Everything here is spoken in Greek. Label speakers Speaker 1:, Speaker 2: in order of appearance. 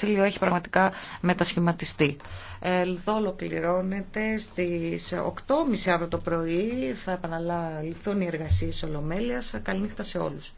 Speaker 1: Βασίλειο έχει πραγματικά μετασχηματιστεί.
Speaker 2: Εδώ ολοκληρώνεται στις 8.30 αύριο το πρωί. Θα επαναληφθούν οι εργασίες ολομέλειας. Καληνύχτα σε όλους.